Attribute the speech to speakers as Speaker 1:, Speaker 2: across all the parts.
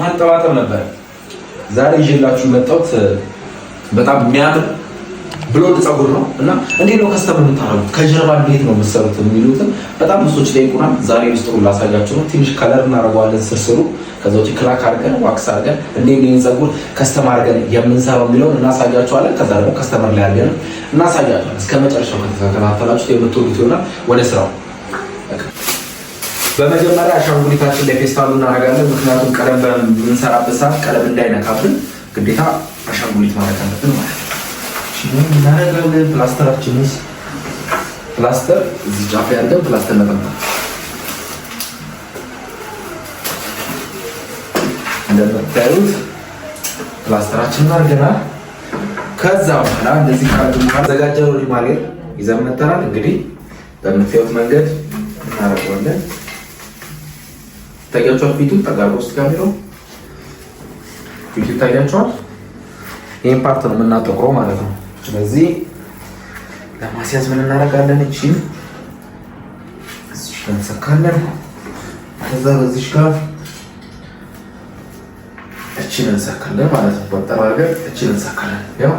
Speaker 1: ማጠባጠብ ነበር። ዛሬ ይዤላችሁ መጣሁት። በጣም የሚያምር ብሎንድ ፀጉር ነው እና እንዴት ነው ከስተም የምታረጉት? ከጀርባ እንዴት ነው የምትሰሩት? የሚሉትን በጣም ብሶች ጠይቁናል። ዛሬ ምስጢሩ ላሳያችሁ ነው። ትንሽ ከለር እናደርገዋለን ስርስሩ፣ ከዛ ውጭ ክላክ አድርገን ዋክስ አድርገን እንዴት ነው ፀጉር ከስተም አድርገን የምንሰራው የሚለውን እናሳያችኋለን። ከዛ ደግሞ ከስተመር ላይ ያለን እናሳያችኋለን። እስከ መጨረሻው ከተከታተላችሁት የምትወዱት ይሆናል። ወደ ስራው በመጀመሪያ አሻንጉሊታችን ላይ ፌስታሉ እናደርጋለን። ምክንያቱም ቀለም በምንሰራበት ሰዓት ቀለም እንዳይነካብን ግዴታ አሻንጉሊት ማድረግ አለብን ማለት ነው። እናደርጋለን። ፕላስተራችንስ ፕላስተር እዚህ ጫፍ ያለው ፕላስተር ነጠና እንደምታዩት ፕላስተራችን አድርገናል። ከዛ በኋላ እንደዚህ ካሉ አዘጋጀነው ሪማሌር ይዘን መተናል። እንግዲህ በምታዩት መንገድ እናደርገዋለን። ይታያቸዋል። ፊቱ ጠጋርጎ ውስጥ ካሜራው ፊቱ ይታያቸዋል። ይህን ፓርት ነው የምናጠቁረው ማለት ነው። ስለዚህ ለማስያዝ ምን እናደርጋለን? እቺን እዚህ ጋር እንሰካለን። ከዛ በዚህ ጋር እቺን እንሰካለን ማለት ነው። በጠራገር እቺን እንሰካለን። ያው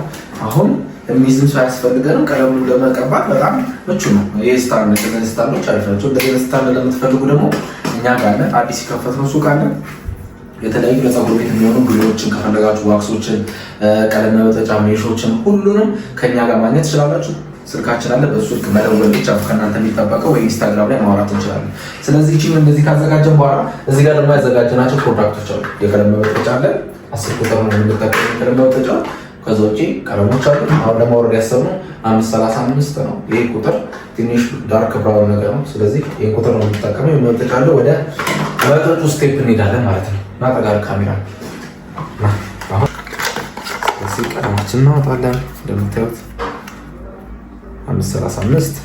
Speaker 1: አሁን የሚዝም ሰው አያስፈልገንም። ቀለሙ ለመቀባት በጣም ምቹ ነው። ይህ ስታንድ ስታንዶች አሪፍ ናቸው። እንደዚህ ስታንድ ለምትፈልጉ ደግሞ እኛ ጋር አለ፣ አዲስ የከፈትነው ሱቅ አለ። የተለያዩ ለፀጉር ቤት የሚሆኑ ግሎዎችን ከፈለጋችሁ፣ ዋክሶችን፣ ቀለም መበጠጫ ሜሾችን፣ ሁሉንም ከእኛ ጋር ማግኘት ትችላላችሁ። ስልካችን አለ። በሱ ልክ መደወል ብቻ ከእናንተ የሚጠበቀው ወይ ኢንስታግራም ላይ ማውራት እንችላለን። ስለዚህ ቺም እንደዚህ ካዘጋጀን በኋላ እዚህ ጋር ደግሞ ያዘጋጀናቸው ፕሮዳክቶች አሉ። የቀለም መበጠጫ አለ፣ አስር ቁጥር ነው የምንጠቀመው የቀለም መበጠጫ ከዛ ውጭ ቀለሞች አሉ። አሁን ለማውረድ ያሰብነው አምስት ሰላሳ አምስት ነው። ይህ ቁጥር ትንሽ ዳርክ ብራውን ነገር ነው። ስለዚህ ይህ ቁጥር ነው የምንጠቀመው። የመጠጫለ ወደ መጠጡ ስቴፕ እንሄዳለን ማለት ነው። ናጠጋር ካሜራ እዚህ ቀለማችን እናወጣለን። እንደምታዩት አምስት ሰላሳ አምስት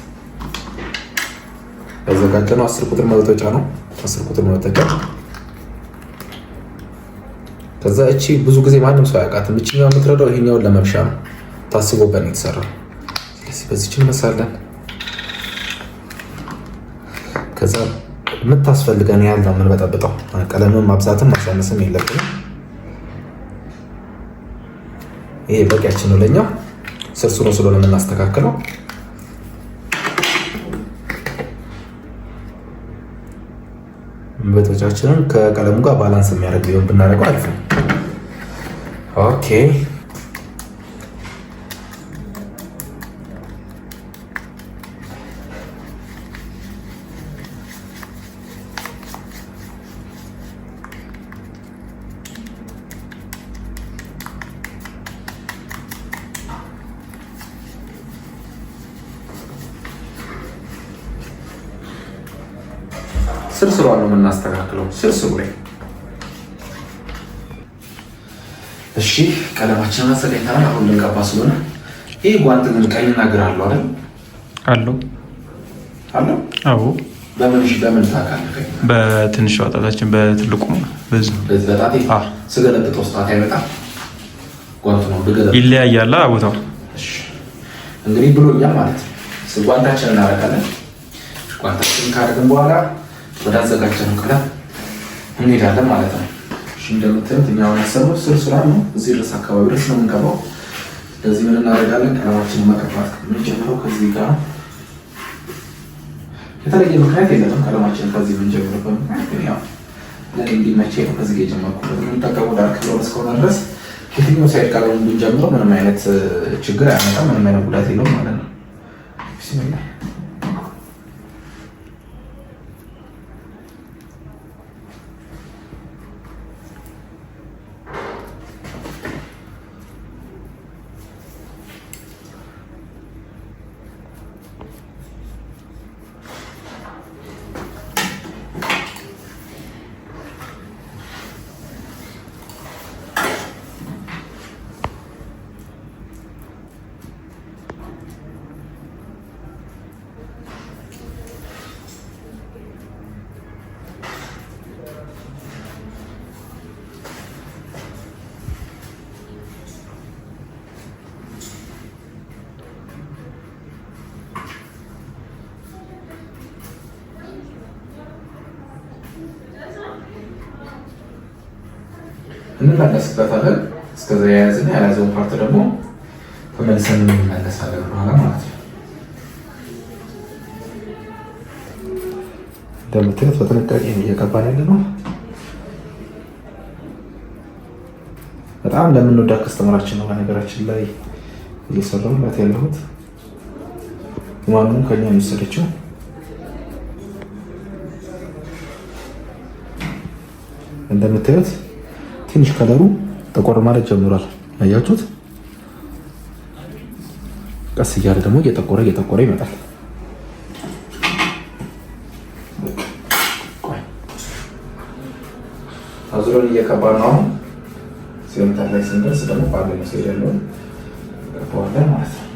Speaker 1: ያዘጋጀነው አስር ቁጥር መጠጫ ነው። አስር ቁጥር መጠጫ ከዛ እቺ ብዙ ጊዜ ማንም ሰው አያውቃትም። እችኛው የምትረዳው ይሄኛውን ለመብሻ ነው፣ ታስቦበት ነው ስለዚህ በዚች እንመሳለን። ከዛ የምታስፈልገን ያህል ነው የምንበጠብጠው። ቀለምም ማብዛትም ማሳነስም የለብንም። ይሄ በቂያችን ነው ለእኛ። ስርሱ ነው ስለሆነ የምናስተካክለው በጦቻችንን ከቀለሙ ጋር ባላንስ የሚያደርግ ቢሆን ብናደርገው አሪፍ ነው። ኦኬ ስርስሯን ነው የምናስተካክለው። ስርስሩ ላይ እሺ ቀለማችን አዘጋጅተናል። አሁን ልንቀባ ስለሆነ ይህ ጓንት ግን ቀይ ነገር አለው አይደል? አለው አለው። አዎ። በምን በምን ታውቃለህ?
Speaker 2: በትንሽ ጣታችን፣ በትልቁ በዚ
Speaker 1: በጣቴ ስገለብጠው ጣቴ አይመጣ ጓንት ነው ብገለብጥ
Speaker 2: ይለያያል ቦታው።
Speaker 1: እንግዲህ ብሎኛል ማለት ነው። ጓንታችን እናደርጋለን። ጓንታችን ካደረግን በኋላ ወደ አዘጋጀነው ቀለም እንሄዳለን ማለት ነው። እሺ እንደምታዩት እኛ አሁን ያሰብነው ስርስራ ነው። እዚህ ድረስ አካባቢ ድረስ ነው የምንገባው። ስለዚህ ምን እናደርጋለን? ቀለማችን መቀባት የምንጀምረው ከዚህ ጋር የተለየ ምክንያት የለንም። ቀለማችን ከዚህ የምንጀምርበት ምክንያት ለእኔ እንዲመቼ ነው። ከዚህ ጋር የጀመርኩበት የምንጠቀመው ዳርክ ብራውን እስከሆነ ድረስ የትኛው ሳይድ ቀለሙን ብንጀምረው ምንም አይነት ችግር አያመጣም፣ ምንም አይነት ጉዳት የለውም ማለት ነው። ቢስሚላህ እንመለስበታለን። እስከዛ የያዝን ያልያዘውን ፓርት ደግሞ ተመልሰን እንመለሳለን በኋላ ማለት ነው። እንደምትሉት በጥንቃቄ እየቀባን ያለ ነው። በጣም ለምንወዳ ከስተመራችን ነው። በነገራችን ላይ እየሰራሁላት ያለሁት ማንም ከኛ የወሰደችው እንደምታዩት ትንሽ ከለሩ ጠቆር ማለት ጀምሯል። አያችሁት? ቀስ እያለ ደግሞ እየጠቆረ እየጠቆረ ይመጣል። አዙረን እየከባ ነው። ሲሆን ላይ ስንደርስ ደግሞ ባለ ነው ሄዳለን ማለት ነው።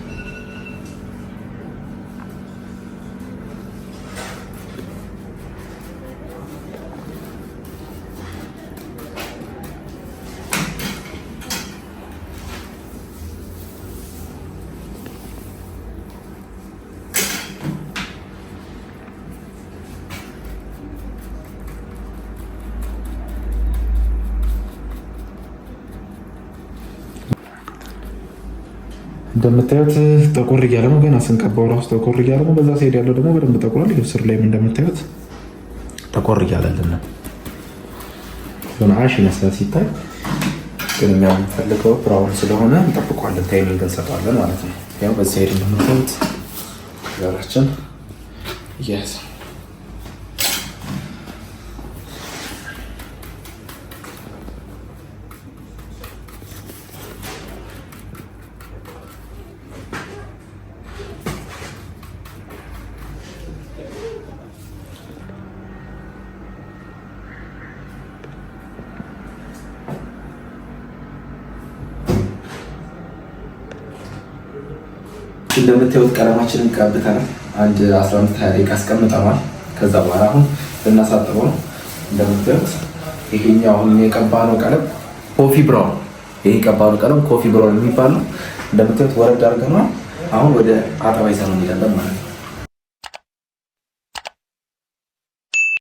Speaker 1: እንደምታዩት ጠቆር እያለ ነው። ገና ስንቀባው ራሱ ጠቆር እያለ ነው። በዛ ሲሄድ ያለው ደግሞ በደንብ ጠቁሯል። ልብስር ስር ላይም እንደምታዩት
Speaker 2: ጠቆር እያለልን
Speaker 1: በመዓሽ ይመስላል ሲታይ። ግን የሚያፈልገው ብራውን ስለሆነ እንጠብቀዋለን፣ ታይሚንግ እንሰጠዋለን ማለት ነው። ያው በዚህ ሄድ እንደምታዩት ራችን እያያዘ እንደምታዩት ቀለማችንን ቀብተናል። አንድ 15 20 ደቂቃ አስቀምጠናል። ከዛ በኋላ አሁን ልናሳጥበው ነው። እንደምታዩት ይሄኛው አሁን የቀባነው ቀለም ኮፊ ብራውን፣ ይሄ የቀባነው ቀለም ኮፊ ብራውን የሚባል ነው። እንደምታዩት ወረድ አድርገናል። አሁን ወደ አጠባ ይዘነው እንሄዳለን ማለት ነው።